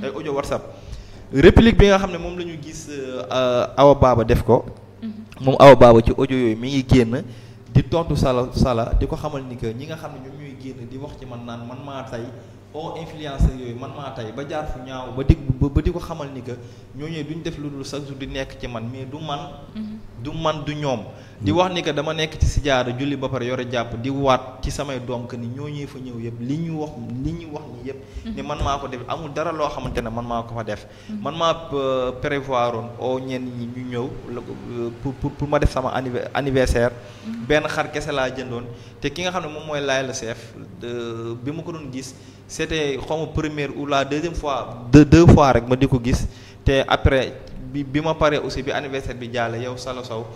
ay audio whatsapp réplique bi nga xam ne moom la ñu gis euh, Awa Baba def ko mm-hmm. moom Awa Baba ci audio yooyu mi ngi génn di tontu sala sala di ko xamal ni que ñi nga xam ne ñoom ñooy génn di wax ci man naan man maa tey o oh, influenceur yooyu man maa tey ba jaar fu ñaaw ba di ba di ko xamal ni que ñooñu duñ def lu dul chaque jours di nekk ci man mais du man mm-hmm. du man du ñoom. di wax ni que dama nekk ci sijaara julli ba pare yore jàpp di waat ci samay doom que ni ñooñu fa ñëw yëpp li ñu wax li ñu wax ni yëpp. Mhm. ni man maa ko def amul dara loo xamante ne man maa ko fa def. Mhm. man maa euh, prévoir oon oo ñenn ñi ñu ñëw euh, pour pour pour ma def sama anniversaire. Mhm. benn xar kese laa jëndoon te ki nga xam ne moom mooy laay la seef bi ma ko doon gis c'était xaw ma première ou la deuxième fois deux deux fois rek ma di ko gis te après. bi bi ma paree aussi bi anniversaire bi jàll yow salo Sow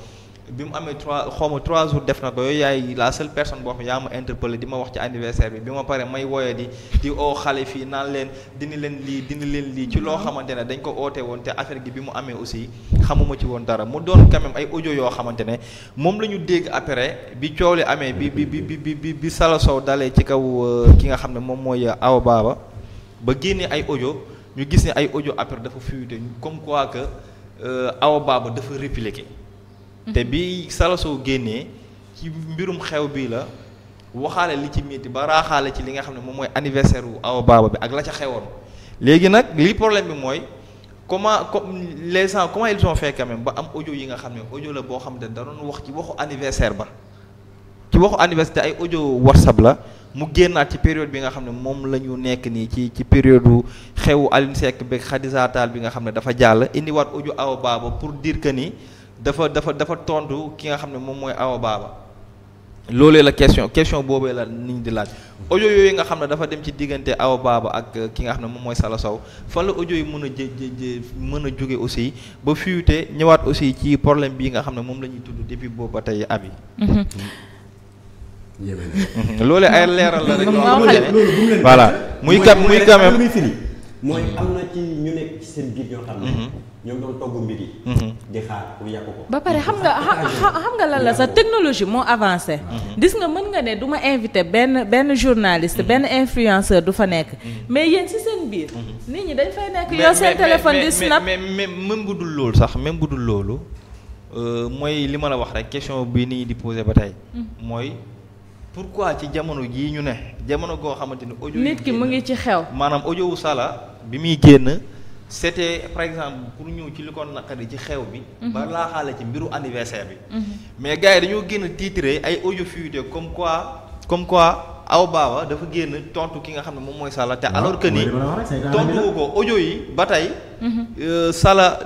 bi mu amee trois xaw ma trois jours def na ko yooyu yaay la seule personne boo xam ne yaa di ma wax ci anniversaire bi bi ma paree may wooyee di di xale fii naan leen dindi leen lii dindi leen lii ci loo mhm. xamante ne dañ ko oote woon te affaire gi bi mu amee aussi xamuma ci woon dara mu doon quand ay audio yoo xamante ne moom la ñu dégg après bi coow amee bi bi bi bi bi bi Sala Sow dalee ci kaw euh, ki nga xam ne moom mooy Awa Baba ba génnee ay ojo ñu gis ne ay audio après dafa fuité comme quoi que euh, Awa Baba dafa répliqué. te bi Salasou génnee ci mbirum xew bii la waxaale li ci métti ba raaxaale ci li nga xam ne moom mooy anniversaire wu Awa Baba bi ak la ca xewoon. léegi nag li problème bi mooy comment comme les gens comment ils ont fait ba am audio yi nga xam ne audio la boo xam ne da doon wax ci waxu anniversaire ba ci waxu anniversaire ay audio WhatsApp la. mu génnaat ci période bi nga xam ne moom la ñu nekk nii ci ci période xewu Alioune Seck beeg Khadija Tall bi nga xam ne dafa jàll indiwaat uju Awa baaba pour diir que ni dafa dafa dafa tontu ki nga xam ne moom mooy Awa Baba loole la question question boobe la nit ñi di laaj audio yooyu nga xam ne dafa dem ci diggante Awa Baba ak euh, ki nga xam ne moom mooy Sala Sow fan la audio yi mën a jë jë mën a jóge aussi ba fuité ñëwaat aussi ci problème bii nga xam ne moom la ñuy tudd depuis boobu ba tey abi mm-hmm. Mm-hmm. loole ay leeral la rek. loolu voilà muy kat muy quand même muy mhm. mhm. ko. ba pare xam nga xam nga lan la sa technologie moo avancé. Mhm. gis nga mën nga ne du ma invité benn benn journaliste benn influenceur du fa nekk. mais yéen si seen biir. nit ñi dañ fay nekk yow seen téléphone di snap mais mais même bu dul loolu sax même bu dul loolu euh, mooy li ma la wax rek question bi nit ñi di posé ba tey mooy. pour pourquoi ci jamono jii ñu ne jamono goo xamante ni audio nit ki mu ngi ci xew maanaam audio wu Sala bi muy génn c'était par exemple pour ñëw ci li ko naqari ci xew bi mhm. ba laaxaale ci mbiru anniversaire bi mhm. mais gars dañoo génn titre ay audio fuité comme quoi comme quoi aw baaba dafa génn tontu ki nga xam ne moom mooy Sala te ah, alors que ni tontu ko audio yi ba tey mhm. euh, Sala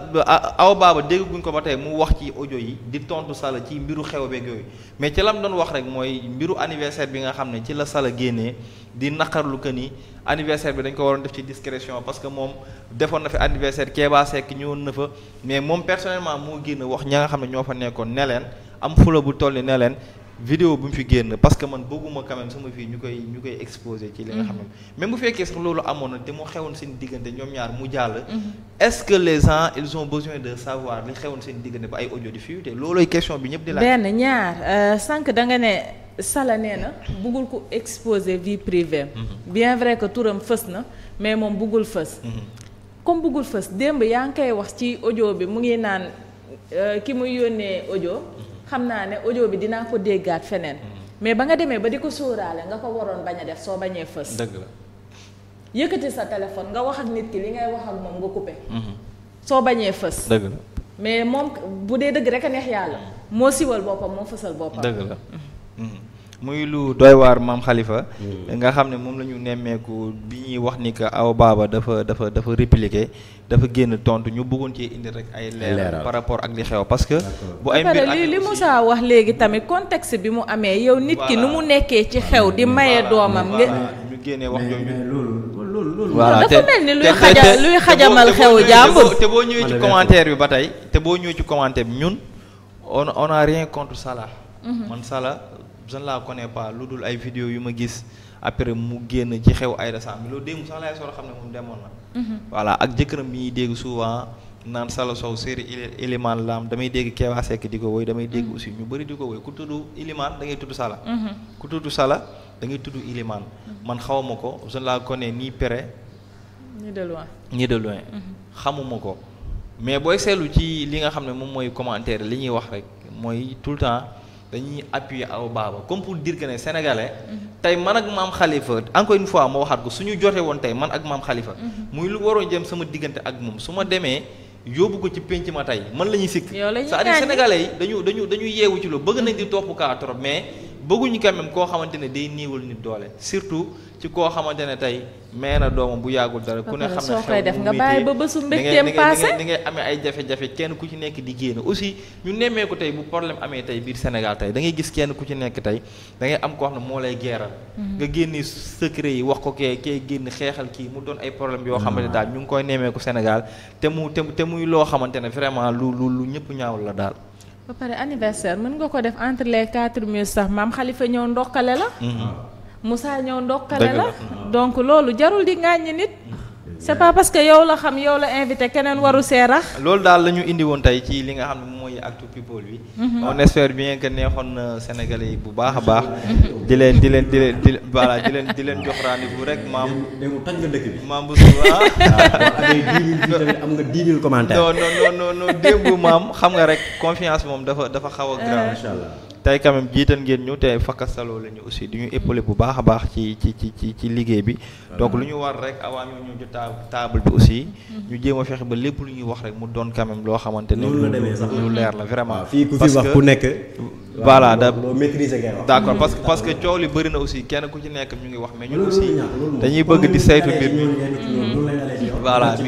aw baaba dégguñ ko ba tey mu wax ci audio yi di tontu Sala ci mbiru xew beeg yooyu mais ci la lam doon wax rek mooy mbiru anniversaire bi nga xam ne ci la Sala génnee di naqarlu que ni anniversaire bi dañ ko waroon def ci discrétion parce que moom defoon na fi anniversaire Kéba Seck ñëwoon na fa mais moom personnellement moo génn wax ña nga xam ne ñoo fa nekkoon ne leen am fula bu toll leen vidéo bu mu fi génn parce que man bëgguma quand même sama vie ñu koy ñu koy exposé ci li nga xam mais mhm. même bu fekkee sax loolu amoon na te mu xewoon seen diggante ñoom ñaar mu jàll mhm. est-ce que les gens ils ont besoin de savoir xewoon seen diggante ba ay audio di fuité loolooy question bi ñëpp di laaj benn ñaar euh, sànq da nga ne sala nee na bëggul ko exposé vie privée mhm. bien vrai que turam fës na mais moom bëggul fës comme bëggul fës démb yaa ngi koy wax ci ojo bi mu ngi naan euh, ki muy yónnee audio xam naa ne audio bi dinaa ko déggaat feneen. mais ba nga demee ba di ko sóoraale nga ko waroon bañ a def soo bañee fës. dëgg la yëkkati sa téléphone nga wax ak nit ki li ngay wax ak moom nga coupé. Mhm. soo bañee fës. dëgg la mais moom bu dee dëgg rek a neex yàlla moo siwal boppam moo fësal boppam. dëgg la. Mhm. muy lu doy waar maam xalifa nga xam ne moom la ñu nemmeeku bi ñuy wax ni que aw baaba dafa dafa dafa répliquer dafa génn tontu ñu bëggoon cee indi rek ay. leeral par rapport ak di xew parce que. bu ay mbir li li wax léegi tamit contexte bi mu amee yow nit ki nu mu nekkee ci xew di maye doomam. nga ñu génnee wax jooju. voilà dafa mel ni luy xajamal xew jàmbur te boo ñëwee ci commentaire bi ba tey te boo ñëwee ci commentaire bi ñun on on rien contre Salah mhm. man Salah je ne la connais pas lu dul ay vidéo yu ma gis après mu génn ci xew Aïda Samb loolu démb sax laay soog xam ne moom demoon na. Mhm. voilà ak jëkkëram bi ñuy dégg souvent naan Sala Sow série Ilimane Lam damay dégg Kewa Seck di ko woy damay dégg mhm. aussi ñu bari di ko woy ku tudd Ilimane da ngay tudd Sala. Mhm. ku tudd Sala da ngay tudd man xaw ma ko je ne la connais ni près. ni de loin ni xamuma ko mais booy seetlu ci li nga xam ne moom mooy commentaire li ñuy wax rek mooy tout le temps. dañuy appuyer aw baaba comme pour dire que ne sénégalais. tey man ak maam xalifa encore une fois ma waxaat ko su ñu jote woon tey man ak maam xalifa muy lu waroon jëm sama diggante ak moom su ma demee yóbbu ko ci pénc ma tey man la ñuy sikk c'est-à-dire sénégalais yi dañu dañu dañu yeewu ci loolu bëgg nañ di topp kaa mais bëgguñu quand même koo xamante ne day niiwul nit doole surtout ci koo xamante ne tey may na doomam bu yàggul dara. ku ne xam ne xew def nga bàyyi ba bésu mbégteem passé di ngay amee ay jafe-jafe ku ci nekk di génn aussi ñu nemmeeku tey bu problème amee tey biir Sénégal tey da ngay gis kenn ku ci nekk tey da am koo xam ne moo lay geeral. Mhm. nga génne secret yi wax ko kee kee génn xeexal kii mu doon ay problème yoo xamante mhm. daal ñu ngi koy nemmeeku Sénégal te mu te muy loo xamante ne vraiment lu lu lu ñëpp ñaawul la daal. ba pare anniversaire mën nga ko def entre les quatre murs sax maam Khalifa ñëw ndokkale la. Mm-hmm. Moussa ñëw ndokkale la. donc loolu jarul di ŋàññi nit. c'est pas parce que yow la xam yow la invité keneen waru seerax loolu daal la ñu indi woon tey ci li nga xam ne mooy actu people bi on espère bien que neexoon na sénégalais bu baax a baax di leen di leen di leen di voilà di leen di leen jox rendez bu rek maam dému toj nga dëkk bi maam bu suba amee dix mille nga dix mille commentaires non non non non démb maam xam nga rek confiance moom dafa dafa xaw a grand tey quand même jiital ngeen ñu te fakkasaloo la ñu aussi di ñu épaulé bu baax a baax ci ci ci liggéey bi. donc lu ñu war rek avant ñu ñu table bi aussi. Mm-hmm. ñu jéem fexe ba lépp lu ñuy wax rek mu doon quand même loo xamante ne. lu la vraiment. fii ku fi wax ku nekk. voilà da d'accord parce que mm-hmm. parce que coow li bëri na aussi kenn ku ci nekk ñu ngi wax mais ñun aussi dañuy bëgg di saytu mbir mi. voilà